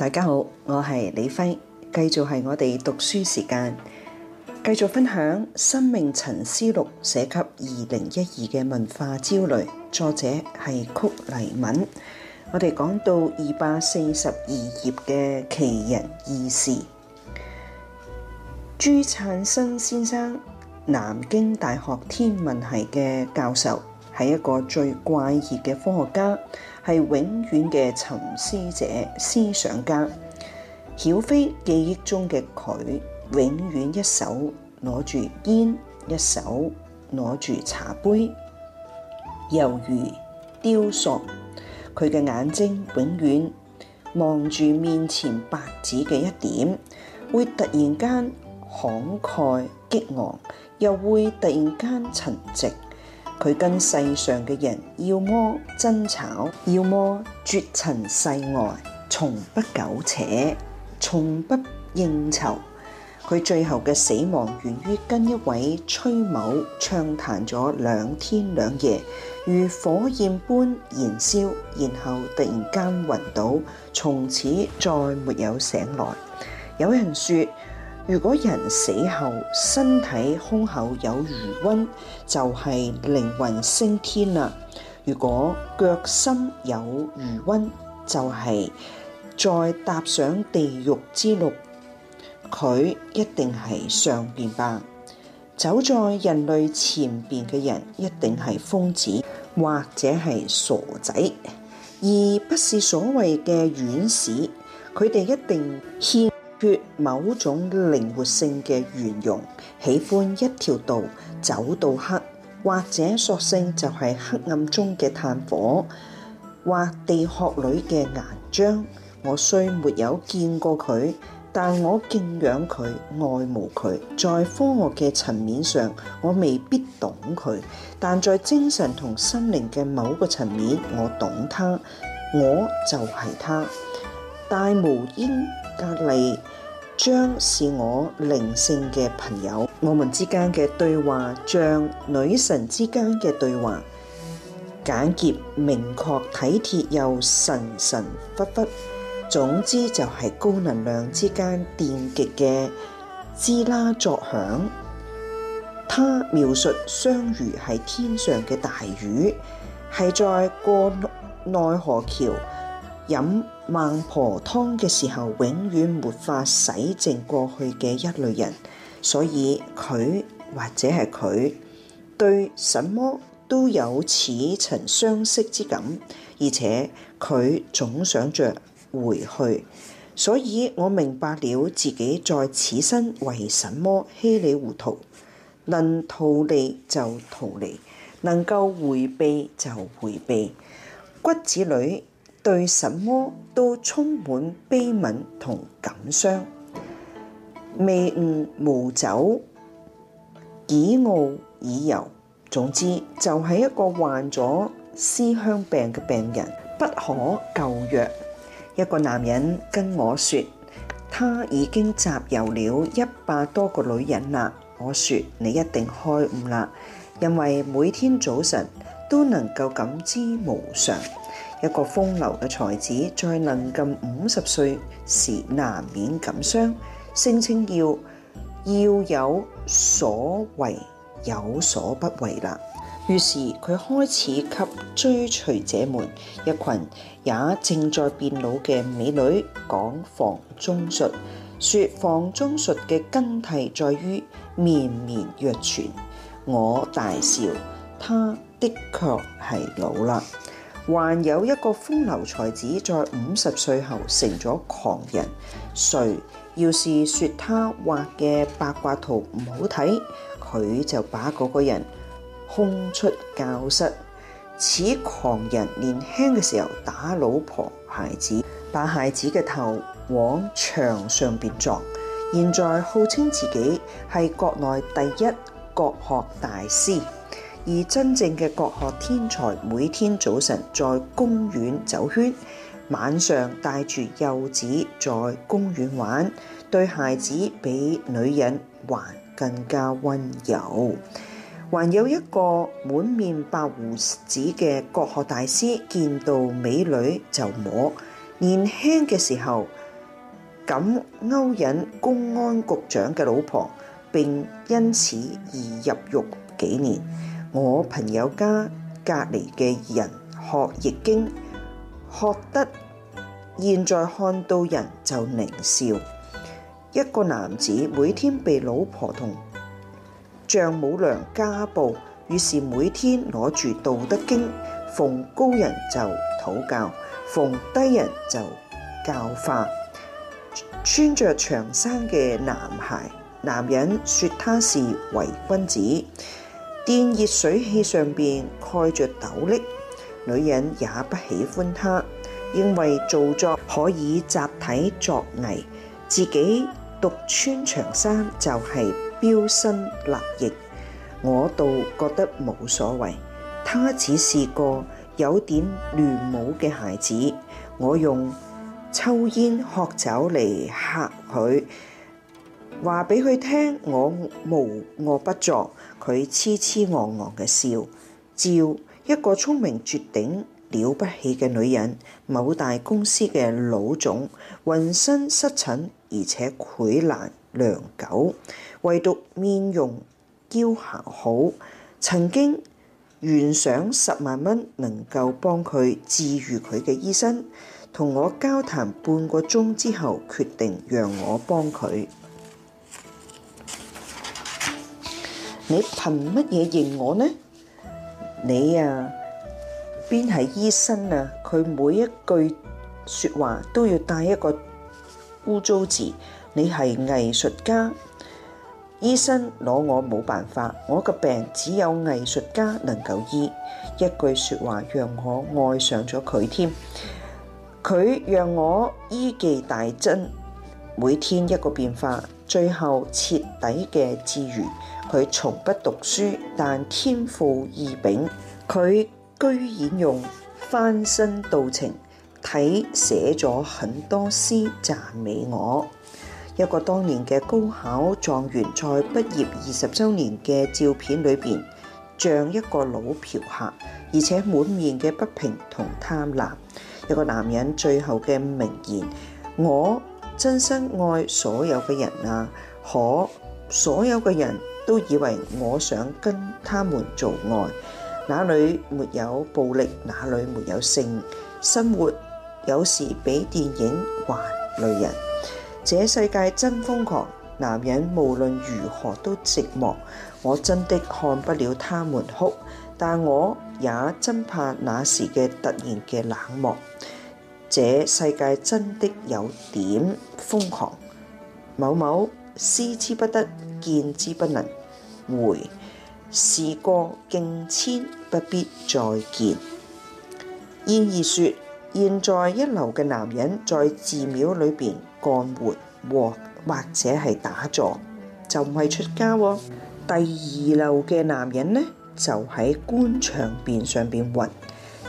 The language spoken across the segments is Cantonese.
大家好，我係李輝，繼續係我哋讀書時間，繼續分享《生命沉思錄》寫給二零一二嘅文化焦慮，作者係曲黎敏。我哋講到二百四十二頁嘅奇人異事，朱燦生先生，南京大學天文系嘅教授，係一個最怪異嘅科學家。係永遠嘅沉思者、思想家。曉飛記憶中嘅佢，永遠一手攞住煙，一手攞住茶杯，猶如雕塑。佢嘅眼睛永遠望住面前白紙嘅一點，會突然間慷慨激昂，又會突然間沉寂。佢跟世上嘅人，要麼爭吵，要麼絕塵世外，從不苟且，從不應酬。佢最後嘅死亡，源於跟一位崔某暢談咗兩天兩夜，如火焰般燃燒，然後突然間暈倒，從此再沒有醒來。有人說。如果人死後身體胸口有餘溫，就係、是、靈魂升天啦；如果腳心有餘溫，就係、是、再踏上地獄之路。佢一定係上邊吧？走在人類前邊嘅人，一定係瘋子或者係傻仔，而不是所謂嘅院士。佢哋一定欠缺某種靈活性嘅圓融，喜歡一條道走到黑，或者索性就係黑暗中嘅炭火，或地殼裏嘅岩漿。我雖沒有見過佢，但我敬仰佢，愛慕佢。在科學嘅層面上，我未必懂佢，但在精神同心靈嘅某個層面，我懂他，我就係他。大無煙。格利將是我靈性嘅朋友，我們之間嘅對話像女神之間嘅對話，簡潔明確、體貼又神神忽忽。總之就係高能量之間電極嘅滋啦作響。他描述雙魚係天上嘅大魚，係在過奈何橋。飲孟婆湯嘅時候，永遠沒法洗淨過去嘅一類人，所以佢或者係佢對什麼都有似曾相識之感，而且佢總想着回去，所以我明白了自己在此生為什麼稀里糊塗，能逃離就逃離，能夠迴避就迴避，骨子裏。對什麼都充滿悲憫同感傷，未悟無走，己傲己遊。總之，就係、是、一個患咗思鄉病嘅病人，不可救藥。一個男人跟我説，他已經集郵了一百多個女人啦。我説：你一定開悟啦，因為每天早晨都能夠感知無常。一個風流嘅才子，在臨近五十歲時，難免感傷，聲稱要要有所為，有所不為啦。於是佢開始給追隨者們，一群也正在變老嘅美女講房中術，說房中術嘅根柢在於綿綿若存。我大笑，他的確係老啦。還有一個風流才子在五十歲後成咗狂人，誰要是說他畫嘅八卦圖唔好睇，佢就把嗰個人轟出教室。此狂人年輕嘅時候打老婆、孩子，把孩子嘅頭往牆上面撞，現在號稱自己係國內第一國學大師。而真正嘅國學天才，每天早晨在公園走圈，晚上帶住幼子在公園玩，對孩子比女人還更加溫柔。還有一個滿面白鬍子嘅國學大師，見到美女就摸。年輕嘅時候，敢勾引公安局長嘅老婆，並因此而入獄幾年。我朋友家隔籬嘅人學易經，學得現在看到人就獰笑。一個男子每天被老婆同丈母娘家暴，於是每天攞住道德經，逢高人就討教，逢低人就教化。穿着長衫嘅男孩，男人說他是偽君子。電熱水器上邊蓋着斗笠，女人也不喜歡他，認為做作可以集體作藝，自己獨穿長衫就係標新立異。我倒覺得冇所謂，他只是個有點亂舞嘅孩子。我用抽煙喝酒嚟嚇佢，話俾佢聽我無惡不作。佢痴痴戇戇嘅笑，照一個聰明絕頂、了不起嘅女人，某大公司嘅老總，渾身濕疹而且潰爛良久，唯獨面容嬌嫻好。曾經懸賞十萬蚊能夠幫佢治愈佢嘅醫生，同我交談半個鐘之後，決定讓我幫佢。你憑乜嘢認我呢？你呀，邊係醫生啊？佢每一句說話都要帶一個污糟字。你係藝術家，醫生攞我冇辦法。我個病只有藝術家能夠醫。一句說話讓我愛上咗佢添，佢讓我醫技大增。每天一個變化，最後徹底嘅治愈。佢從不讀書，但天賦異稟。佢居然用翻身道情，睇寫咗很多詩讚美我。一個當年嘅高考狀元，在畢業二十週年嘅照片裏邊，像一個老嫖客，而且滿面嘅不平同貪婪。一個男人最後嘅名言：我。真心愛所有嘅人啊，可所有嘅人都以為我想跟他們做愛，哪裏沒有暴力，哪裏沒有性，生活有時比電影還累人。這世界真瘋狂，男人無論如何都寂寞，我真的看不了他們哭，但我也真怕那時嘅突然嘅冷漠。這世界真的有點瘋狂，某某思之不得，見之不能。回事過境遷，不必再見。然而說，現在一流嘅男人在寺廟裏邊幹活，或或者係打坐，就唔係出家；第二流嘅男人呢，就喺官場邊上邊混。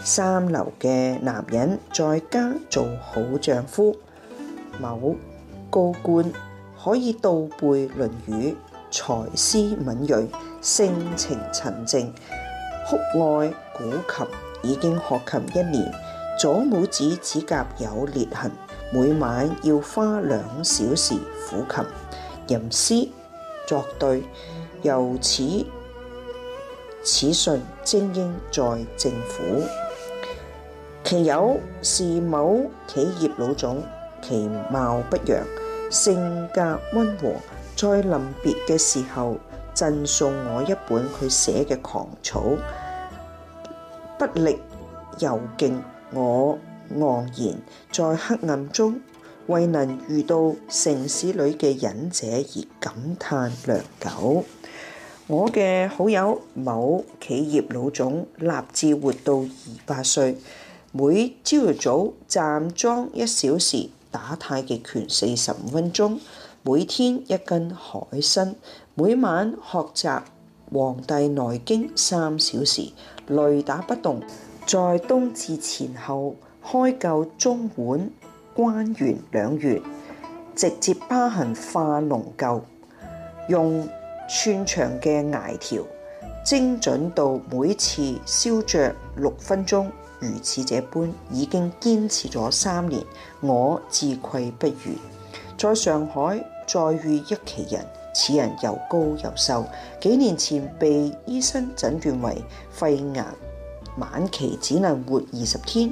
三流嘅男人在家做好丈夫。某高官可以倒背《論語》，才思敏鋭，性情沉靜。酷愛古琴，已經學琴一年。左拇指指甲有裂痕，每晚要花兩小時撫琴吟詩作對。由此此信精英在政府。其友是某企業老總，其貌不揚，性格溫和。在臨別嘅時候，贈送我一本佢寫嘅《狂草》，不力又敬我昂然，在黑暗中為能遇到城市裏嘅忍者而感嘆良久。我嘅好友某企業老總立志活到二百歲。每朝早站樁一小時，打太極拳四十五分鐘。每天一根海參，每晚學習《黃帝內經》三小時，雷打不動。在冬至前後開灸中脘、關元兩穴，直接疤痕化膿灸，用寸長嘅艾條，精準到每次燒着六分鐘。如此這般已經堅持咗三年，我自愧不如。在上海再遇一奇人，此人又高又瘦，幾年前被醫生診斷為肺癌，晚期只能活二十天。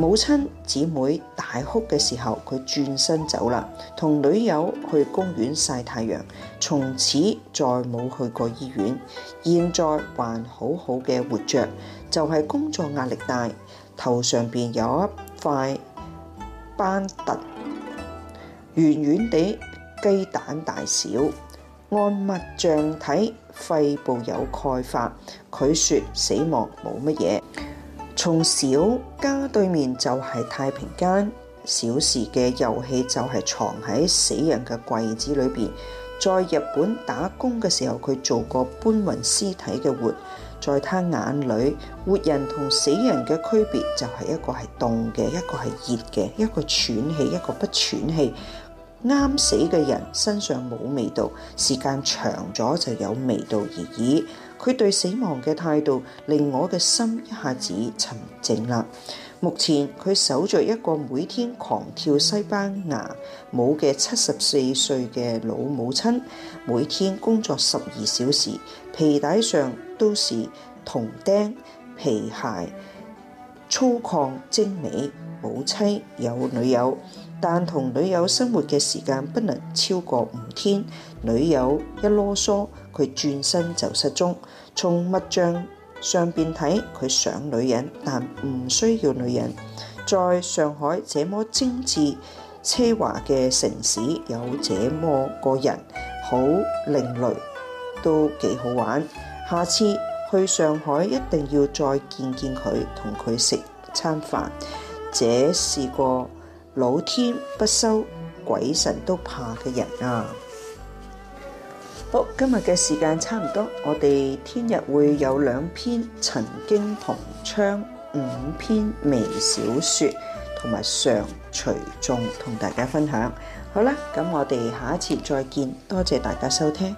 母親姊妹大哭嘅時候，佢轉身走啦，同女友去公園曬太陽，從此再冇去過醫院。現在還好好嘅活着，就係、是、工作壓力大，頭上邊有一塊斑突，圓圓地雞蛋大小，按物象睇肺部有鈣化。佢說死亡冇乜嘢。從小家對面就係太平間，小時嘅遊戲就係藏喺死人嘅櫃子裏邊。在日本打工嘅時候，佢做過搬運屍體嘅活。在他眼裏，活人同死人嘅區別就係一個係凍嘅，一個係熱嘅，一個喘氣，一個不喘氣。啱死嘅人身上冇味道，時間長咗就有味道而已。佢對死亡嘅態度令我嘅心一下子沉靜啦。目前佢守着一個每天狂跳西班牙舞嘅七十四歲嘅老母親，每天工作十二小時，皮帶上都是銅釘皮鞋，粗獷精美。母親有女友，但同女友生活嘅時間不能超過五天。女友一囉嗦。佢轉身就失蹤。從物象上邊睇，佢想女人，但唔需要女人。在上海這麼精緻奢華嘅城市，有這麼個人，好另類，都幾好玩。下次去上海一定要再見見佢，同佢食餐飯。這是個老天不收、鬼神都怕嘅人啊！好，今日嘅時間差唔多，我哋聽日會有兩篇曾經同窗五篇微小說，同埋常隨眾同大家分享。好啦，咁我哋下一次再見，多謝大家收聽。